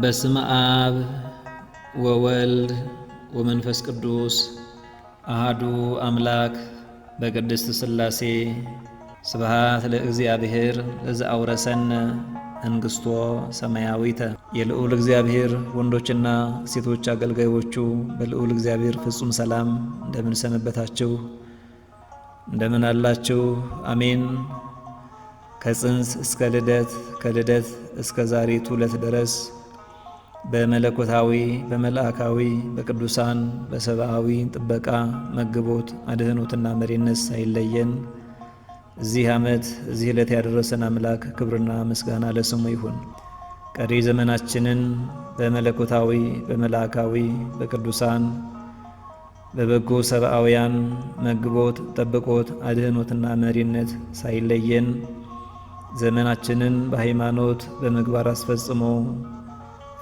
በስመ አብ ወወልድ ወመንፈስ ቅዱስ አሃዱ አምላክ በቅድስት ሥላሴ ስብሃት ለእግዚአብሔር ለዘአውረሰን እንግስቶ ሰማያዊተ የልዑል እግዚአብሔር ወንዶችና ሴቶች አገልጋዮቹ በልዑል እግዚአብሔር ፍጹም ሰላም እንደምን ሰነበታችሁ? እንደምን አላችሁ? አሜን። ከጽንስ እስከ ልደት ከልደት እስከ ዛሬ ዕለት ድረስ በመለኮታዊ በመልአካዊ በቅዱሳን በሰብአዊ ጥበቃ መግቦት አድህኖትና መሪነት ሳይለየን እዚህ ዓመት እዚህ ዕለት ያደረሰን አምላክ ክብርና ምስጋና ለስሙ ይሁን። ቀሪ ዘመናችንን በመለኮታዊ በመልአካዊ በቅዱሳን በበጎ ሰብአውያን መግቦት ጠብቆት አድህኖትና መሪነት ሳይለየን ዘመናችንን በሃይማኖት በምግባር አስፈጽሞ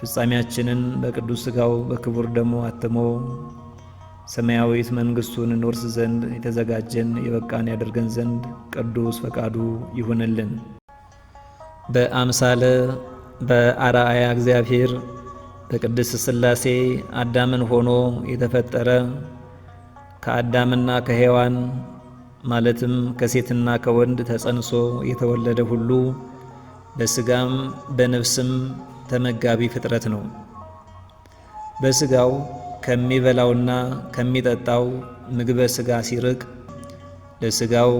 ፍጻሜያችንን በቅዱስ ሥጋው በክቡር ደሙ አትሞ ሰማያዊት መንግሥቱን እንወርስ ዘንድ የተዘጋጀን የበቃን ያደርገን ዘንድ ቅዱስ ፈቃዱ ይሁንልን። በአምሳለ በአርአያ እግዚአብሔር በቅድስት ሥላሴ አዳምን ሆኖ የተፈጠረ ከአዳምና ከሔዋን ማለትም ከሴትና ከወንድ ተጸንሶ የተወለደ ሁሉ በሥጋም በነፍስም ተመጋቢ ፍጥረት ነው። በስጋው ከሚበላውና ከሚጠጣው ምግበ ስጋ ሲርቅ ለስጋው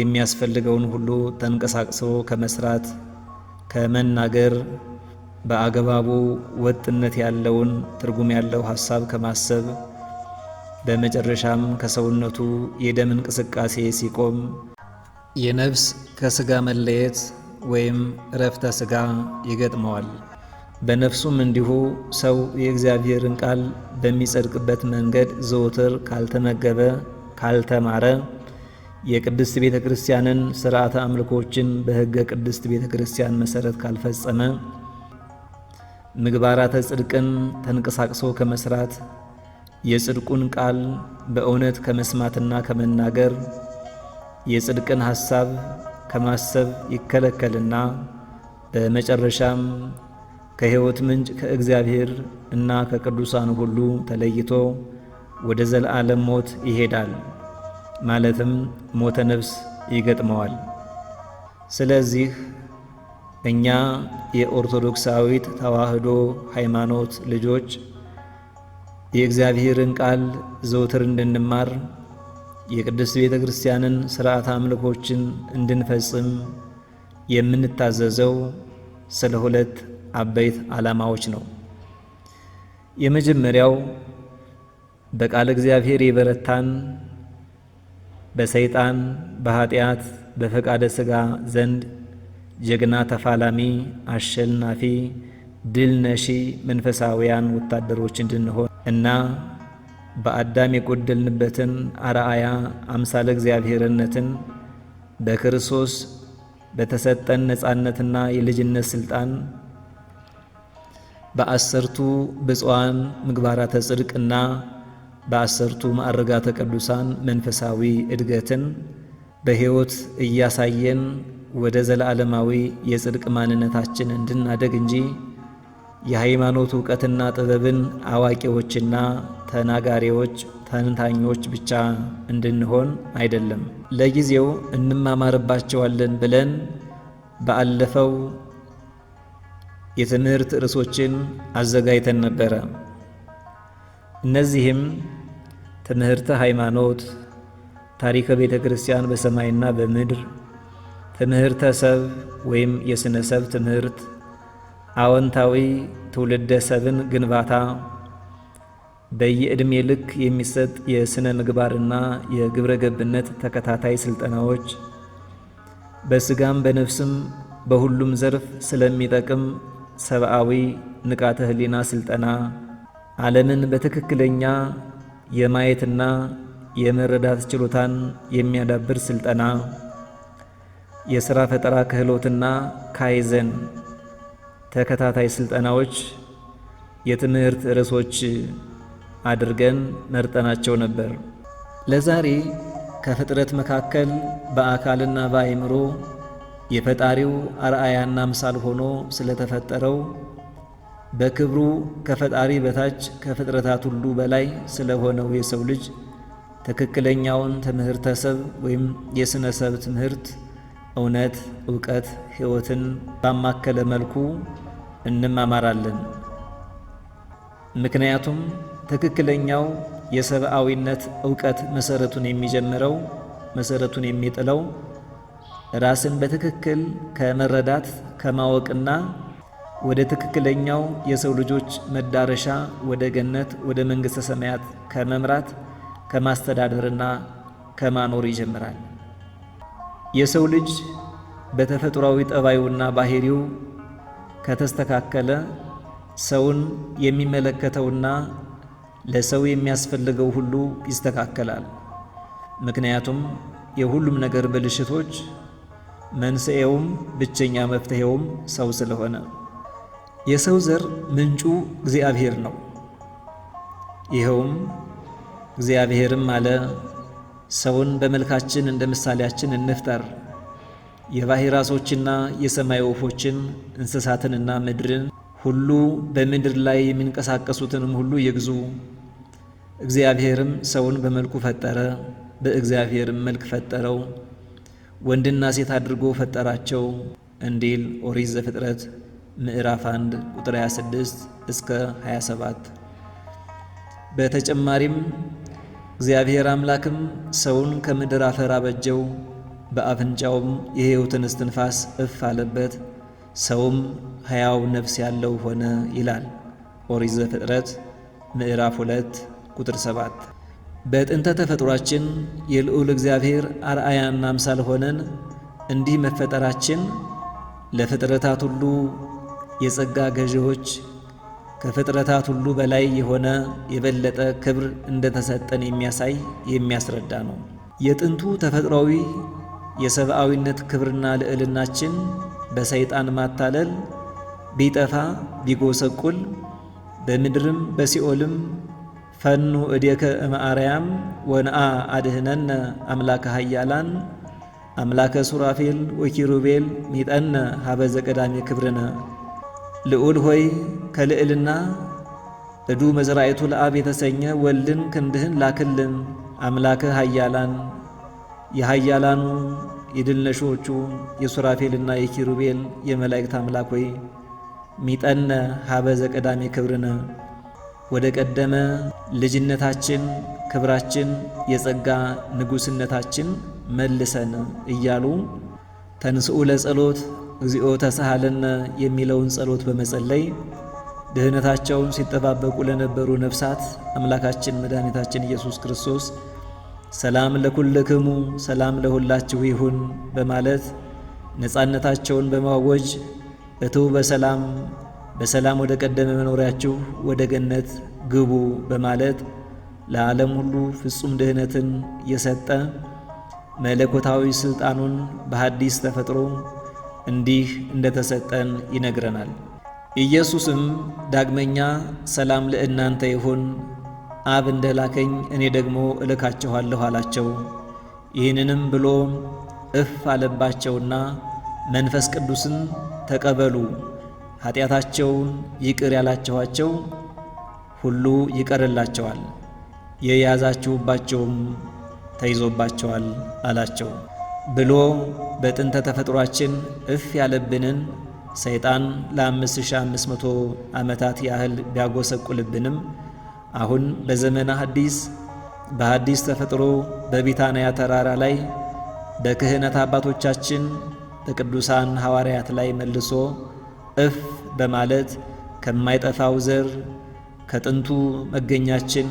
የሚያስፈልገውን ሁሉ ተንቀሳቅሶ ከመስራት ከመናገር በአግባቡ ወጥነት ያለውን ትርጉም ያለው ሐሳብ ከማሰብ በመጨረሻም ከሰውነቱ የደም እንቅስቃሴ ሲቆም የነፍስ ከስጋ መለየት ወይም እረፍተ ስጋ ይገጥመዋል። በነፍሱም እንዲሁ ሰው የእግዚአብሔርን ቃል በሚጸድቅበት መንገድ ዘወትር ካልተመገበ ካልተማረ የቅድስት ቤተ ክርስቲያንን ስርዓተ አምልኮችን በሕገ ቅድስት ቤተ ክርስቲያን መሠረት ካልፈጸመ ምግባራተ ጽድቅን ተንቀሳቅሶ ከመስራት የጽድቁን ቃል በእውነት ከመስማትና ከመናገር የጽድቅን ሐሳብ ከማሰብ ይከለከልና በመጨረሻም ከሕይወት ምንጭ ከእግዚአብሔር እና ከቅዱሳን ሁሉ ተለይቶ ወደ ዘላለም ሞት ይሄዳል፣ ማለትም ሞተ ነፍስ ይገጥመዋል። ስለዚህ እኛ የኦርቶዶክሳዊት ተዋሕዶ ሃይማኖት ልጆች የእግዚአብሔርን ቃል ዘውትር እንድንማር የቅድስት ቤተ ክርስቲያንን ሥርዓት አምልኮችን እንድንፈጽም የምንታዘዘው ስለ ሁለት አበይት ዓላማዎች ነው። የመጀመሪያው በቃለ እግዚአብሔር የበረታን በሰይጣን በኃጢአት በፈቃደ ሥጋ ዘንድ ጀግና ተፋላሚ አሸናፊ ድል ነሺ መንፈሳውያን ወታደሮች እንድንሆን እና በአዳም የጎደልንበትን አርአያ አምሳለ እግዚአብሔርነትን በክርስቶስ በተሰጠን ነፃነትና የልጅነት ሥልጣን በአሰርቱ ብፁዓን ምግባራተ ጽድቅና በአሰርቱ ማዕረጋተ ቅዱሳን መንፈሳዊ እድገትን በሕይወት እያሳየን ወደ ዘለዓለማዊ የጽድቅ ማንነታችን እንድናደግ እንጂ የሃይማኖት እውቀትና ጥበብን አዋቂዎችና ተናጋሪዎች፣ ተንታኞች ብቻ እንድንሆን አይደለም። ለጊዜው እንማማርባቸዋለን ብለን ባለፈው የትምህርት ርዕሶችን አዘጋጅተን ነበረ። እነዚህም ትምህርተ ሃይማኖት፣ ታሪከ ቤተ ክርስቲያን በሰማይና በምድር፣ ትምህርተ ሰብ ወይም የሥነ ሰብ ትምህርት፣ አዎንታዊ ትውልደ ሰብን ግንባታ፣ በየዕድሜ ልክ የሚሰጥ የሥነ ምግባርና የግብረ ገብነት ተከታታይ ሥልጠናዎች፣ በሥጋም በነፍስም በሁሉም ዘርፍ ስለሚጠቅም ሰብአዊ ንቃተ ህሊና ስልጠና ዓለምን በትክክለኛ የማየትና የመረዳት ችሎታን የሚያዳብር ስልጠና፣ የሥራ ፈጠራ ክህሎትና ካይዘን ተከታታይ ስልጠናዎች የትምህርት ርዕሶች አድርገን መርጠናቸው ነበር። ለዛሬ ከፍጥረት መካከል በአካልና በአእምሮ የፈጣሪው አርአያና ምሳል ሆኖ ስለተፈጠረው በክብሩ ከፈጣሪ በታች ከፍጥረታት ሁሉ በላይ ስለሆነው የሰው ልጅ ትክክለኛውን ትምህርተ ሰብ ወይም የሥነ ሰብ ትምህርት እውነት፣ እውቀት፣ ሕይወትን ባማከለ መልኩ እንማማራለን። ምክንያቱም ትክክለኛው የሰብአዊነት እውቀት መሰረቱን የሚጀምረው መሰረቱን የሚጥለው ራስን በትክክል ከመረዳት ከማወቅና ወደ ትክክለኛው የሰው ልጆች መዳረሻ ወደ ገነት ወደ መንግሥተ ሰማያት ከመምራት ከማስተዳደርና ከማኖር ይጀምራል። የሰው ልጅ በተፈጥሯዊ ጠባዩና ባህሪው ከተስተካከለ ሰውን የሚመለከተውና ለሰው የሚያስፈልገው ሁሉ ይስተካከላል። ምክንያቱም የሁሉም ነገር ብልሽቶች መንስኤውም ብቸኛ መፍትሔውም ሰው ስለሆነ የሰው ዘር ምንጩ እግዚአብሔር ነው። ይኸውም እግዚአብሔርም አለ ሰውን በመልካችን እንደ ምሳሌያችን እንፍጠር፣ የባሕር ዓሦችና የሰማይ ወፎችን እንስሳትንና ምድርን ሁሉ በምድር ላይ የሚንቀሳቀሱትንም ሁሉ ይግዙ። እግዚአብሔርም ሰውን በመልኩ ፈጠረ፣ በእግዚአብሔርም መልክ ፈጠረው። ወንድና ሴት አድርጎ ፈጠራቸው እንዲል ኦሪት ዘፍጥረት ምዕራፍ 1 ቁጥር 26 እስከ 27። በተጨማሪም እግዚአብሔር አምላክም ሰውን ከምድር አፈር አበጀው፣ በአፍንጫውም የሕይወትን እስትንፋስ እፍ አለበት፣ ሰውም ሕያው ነፍስ ያለው ሆነ ይላል ኦሪት ዘፍጥረት ምዕራፍ 2 ቁጥር 7። በጥንተ ተፈጥሯችን የልዑል እግዚአብሔር አርአያና አምሳል ሆነን እንዲህ መፈጠራችን ለፍጥረታት ሁሉ የጸጋ ገዢዎች ከፍጥረታት ሁሉ በላይ የሆነ የበለጠ ክብር እንደተሰጠን የሚያሳይ የሚያስረዳ ነው። የጥንቱ ተፈጥሯዊ የሰብአዊነት ክብርና ልዕልናችን በሰይጣን ማታለል ቢጠፋ ቢጎሰቁል በምድርም በሲኦልም ፈኑ እዴከ እምአርያም ወንአ አድህነነ አምላከ ሃያላን አምላከ ሱራፌል ወኪሩቤል ሚጠነ ሀበዘ ቀዳሜ ክብርነ ልዑል ሆይ ከልዕልና እዱ መዝራእቱ ለአብ የተሰኘ ወልድን ክንድህን ላክልን። አምላከ ሃያላን የሃያላኑ የድልነሾቹ የሱራፌልና የኪሩቤል የመላእክት አምላክ ሆይ ሚጠነ ሀበዘ ቀዳሜ ክብርነ ወደ ቀደመ ልጅነታችን ክብራችን የጸጋ ንጉሥነታችን መልሰን እያሉ ተንስኡ ለጸሎት እግዚኦ ተሳሃለነ የሚለውን ጸሎት በመጸለይ ድህነታቸውን ሲጠባበቁ ለነበሩ ነፍሳት አምላካችን መድኃኒታችን ኢየሱስ ክርስቶስ ሰላም ለኩልክሙ ሰላም ለሁላችሁ ይሁን በማለት ነፃነታቸውን በማወጅ እቱ በሰላም በሰላም ወደ ቀደመ መኖሪያችሁ ወደ ገነት ግቡ በማለት ለዓለም ሁሉ ፍጹም ድህነትን የሰጠ መለኮታዊ ሥልጣኑን በሐዲስ ተፈጥሮ እንዲህ እንደተሰጠን ይነግረናል። ኢየሱስም ዳግመኛ ሰላም ለእናንተ ይሁን፣ አብ እንደላከኝ እኔ ደግሞ እልካችኋለሁ አላቸው። ይህንንም ብሎ እፍ አለባቸውና መንፈስ ቅዱስን ተቀበሉ ኃጢአታቸውን ይቅር ያላችኋቸው ሁሉ ይቀርላቸዋል፣ የያዛችሁባቸውም ተይዞባቸዋል አላቸው ብሎ በጥንተ ተፈጥሯችን እፍ ያለብንን ሰይጣን ለ5500 ዓመታት ያህል ቢያጎሰቁልብንም አሁን በዘመነ ሐዲስ በሐዲስ ተፈጥሮ በቢታንያ ተራራ ላይ በክህነት አባቶቻችን በቅዱሳን ሐዋርያት ላይ መልሶ እፍ በማለት ከማይጠፋው ዘር ከጥንቱ መገኛችን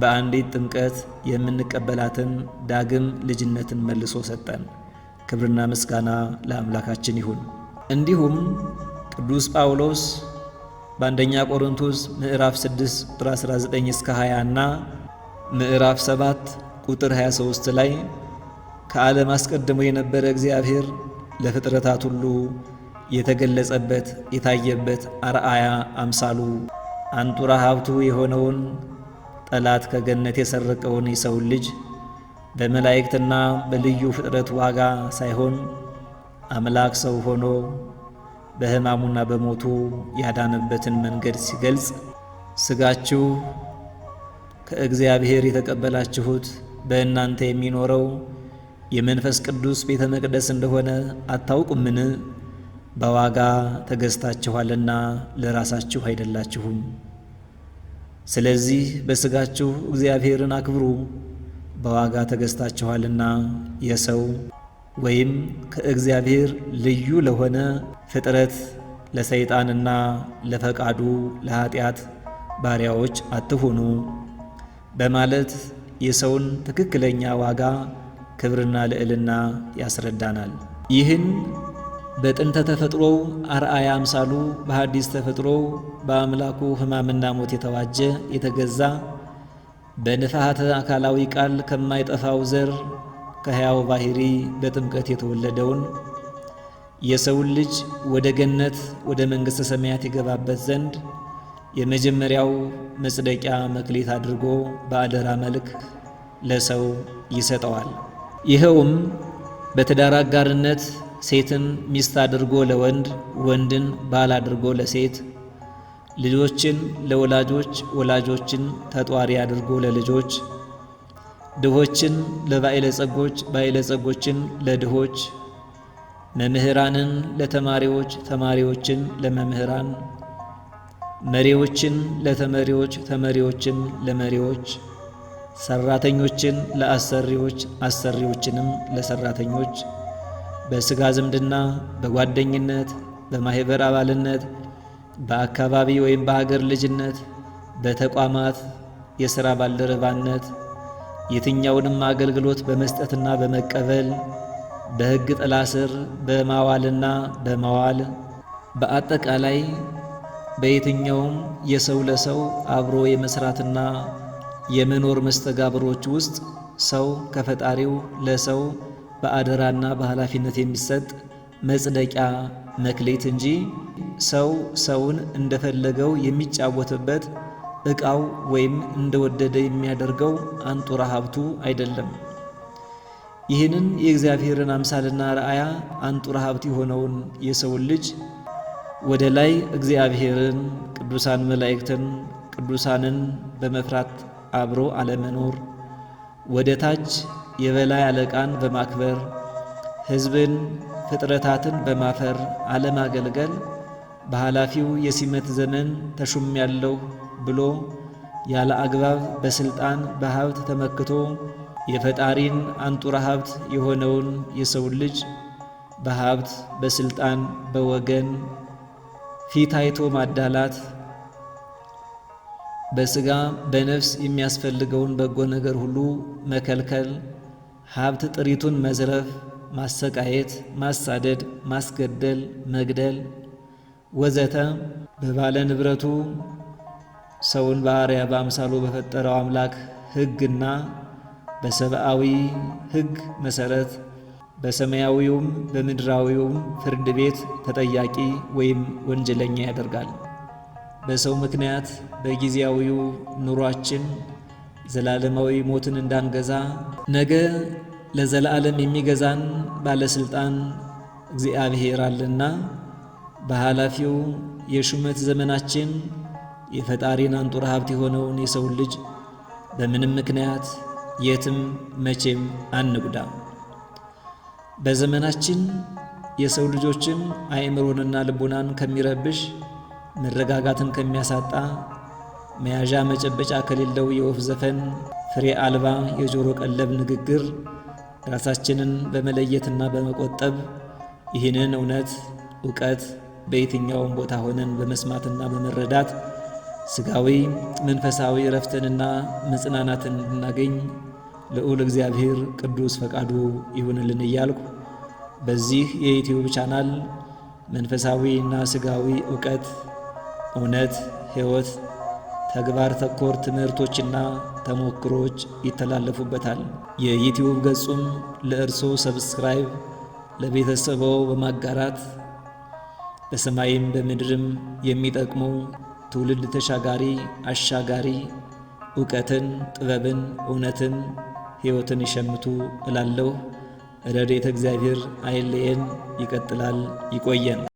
በአንዲት ጥምቀት የምንቀበላትን ዳግም ልጅነትን መልሶ ሰጠን። ክብርና ምስጋና ለአምላካችን ይሁን። እንዲሁም ቅዱስ ጳውሎስ በአንደኛ ቆሮንቶስ ምዕራፍ 6 ቁጥር 19 እስከ 20 እና ምዕራፍ 7 ቁጥር 23 ላይ ከዓለም አስቀድሞ የነበረ እግዚአብሔር ለፍጥረታት ሁሉ የተገለጸበት የታየበት አርአያ አምሳሉ አንጡራ ሀብቱ የሆነውን ጠላት ከገነት የሰረቀውን የሰውን ልጅ በመላእክትና በልዩ ፍጥረት ዋጋ ሳይሆን አምላክ ሰው ሆኖ በሕማሙና በሞቱ ያዳነበትን መንገድ ሲገልጽ ሥጋችሁ ከእግዚአብሔር የተቀበላችሁት በእናንተ የሚኖረው የመንፈስ ቅዱስ ቤተ መቅደስ እንደሆነ አታውቁምን? በዋጋ ተገዝታችኋልና ለራሳችሁ አይደላችሁም። ስለዚህ በሥጋችሁ እግዚአብሔርን አክብሩ፣ በዋጋ ተገዝታችኋልና የሰው ወይም ከእግዚአብሔር ልዩ ለሆነ ፍጥረት ለሰይጣንና ለፈቃዱ ለኀጢአት ባሪያዎች አትሁኑ በማለት የሰውን ትክክለኛ ዋጋ ክብርና ልዕልና ያስረዳናል። ይህን በጥንተ ተፈጥሮው አርአያ አምሳሉ በሐዲስ ተፈጥሮው በአምላኩ ሕማምና ሞት የተዋጀ የተገዛ በንፍሐተ አካላዊ ቃል ከማይጠፋው ዘር ከሕያው ባሕሪ በጥምቀት የተወለደውን የሰውን ልጅ ወደ ገነት ወደ መንግሥተ ሰማያት የገባበት ዘንድ የመጀመሪያው መጽደቂያ መክሊት አድርጎ በአደራ መልክ ለሰው ይሰጠዋል። ይኸውም በትዳር አጋርነት ሴትን ሚስት አድርጎ ለወንድ ወንድን ባል አድርጎ ለሴት ልጆችን ለወላጆች ወላጆችን ተጧሪ አድርጎ ለልጆች ድሆችን ለባዕለ ጸጎች ባዕለ ጸጎችን ለድሆች መምህራንን ለተማሪዎች ተማሪዎችን ለመምህራን መሪዎችን ለተመሪዎች ተመሪዎችን ለመሪዎች ሰራተኞችን ለአሰሪዎች አሰሪዎችንም ለሰራተኞች በሥጋ ዝምድና፣ በጓደኝነት፣ በማኅበር አባልነት፣ በአካባቢ ወይም በሀገር ልጅነት፣ በተቋማት የሥራ ባልደረባነት፣ የትኛውንም አገልግሎት በመስጠትና በመቀበል፣ በሕግ ጥላ ስር በማዋልና በማዋል፣ በአጠቃላይ በየትኛውም የሰው ለሰው አብሮ የመስራትና የመኖር መስተጋብሮች ውስጥ ሰው ከፈጣሪው ለሰው በአደራና በኃላፊነት የሚሰጥ መጽደቂያ መክሌት እንጂ ሰው ሰውን እንደፈለገው የሚጫወትበት ዕቃው ወይም እንደወደደ የሚያደርገው አንጡራ ሀብቱ አይደለም። ይህንን የእግዚአብሔርን አምሳልና ረአያ አንጡራ ሀብት የሆነውን የሰውን ልጅ ወደ ላይ እግዚአብሔርን፣ ቅዱሳን መላእክትን፣ ቅዱሳንን በመፍራት አብሮ አለመኖር ወደ ታች የበላይ አለቃን በማክበር ሕዝብን፣ ፍጥረታትን በማፈር አለማገልገል በኃላፊው የሲመት ዘመን ያለው ብሎ ያለ አግባብ በስልጣን በሀብት ተመክቶ የፈጣሪን አንጡራ ሀብት የሆነውን የሰው ልጅ በሀብት በስልጣን በወገን ፊት አይቶ ማዳላት በስጋ በነፍስ የሚያስፈልገውን በጎ ነገር ሁሉ መከልከል ሀብት ጥሪቱን መዝረፍ፣ ማሰቃየት፣ ማሳደድ፣ ማስገደል፣ መግደል ወዘተ በባለ ንብረቱ ሰውን ባህሪያ በአምሳሉ በፈጠረው አምላክ ሕግና በሰብአዊ ሕግ መሰረት በሰማያዊውም በምድራዊውም ፍርድ ቤት ተጠያቂ ወይም ወንጀለኛ ያደርጋል። በሰው ምክንያት በጊዜያዊው ኑሯችን ዘላለማዊ ሞትን እንዳንገዛ ነገ ለዘላለም የሚገዛን ባለስልጣን እግዚአብሔር አለና በኃላፊው የሹመት ዘመናችን የፈጣሪን አንጡር ሀብት የሆነውን የሰውን ልጅ በምንም ምክንያት የትም መቼም አንጉዳ። በዘመናችን የሰው ልጆችን አእምሮንና ልቡናን ከሚረብሽ መረጋጋትን ከሚያሳጣ መያዣ መጨበጫ ከሌለው የወፍ ዘፈን፣ ፍሬ አልባ የጆሮ ቀለብ ንግግር ራሳችንን በመለየትና በመቆጠብ ይህንን እውነት እውቀት በየትኛውም ቦታ ሆነን በመስማትና በመረዳት ስጋዊ መንፈሳዊ እረፍትንና መጽናናትን እንድናገኝ ልዑል እግዚአብሔር ቅዱስ ፈቃዱ ይሁንልን እያልኩ በዚህ የዩትዩብ ቻናል መንፈሳዊ እና ስጋዊ እውቀት፣ እውነት፣ ሕይወት ተግባር ተኮር ትምህርቶችና ተሞክሮች ይተላለፉበታል። የዩቲዩብ ገጹም ለእርስዎ ሰብስክራይብ ለቤተሰቦ በማጋራት በሰማይም በምድርም የሚጠቅሙ ትውልድ ተሻጋሪ አሻጋሪ እውቀትን፣ ጥበብን፣ እውነትን፣ ሕይወትን ይሸምቱ እላለሁ። ረድኤተ እግዚአብሔር አይለየን። ይቀጥላል። ይቆየን።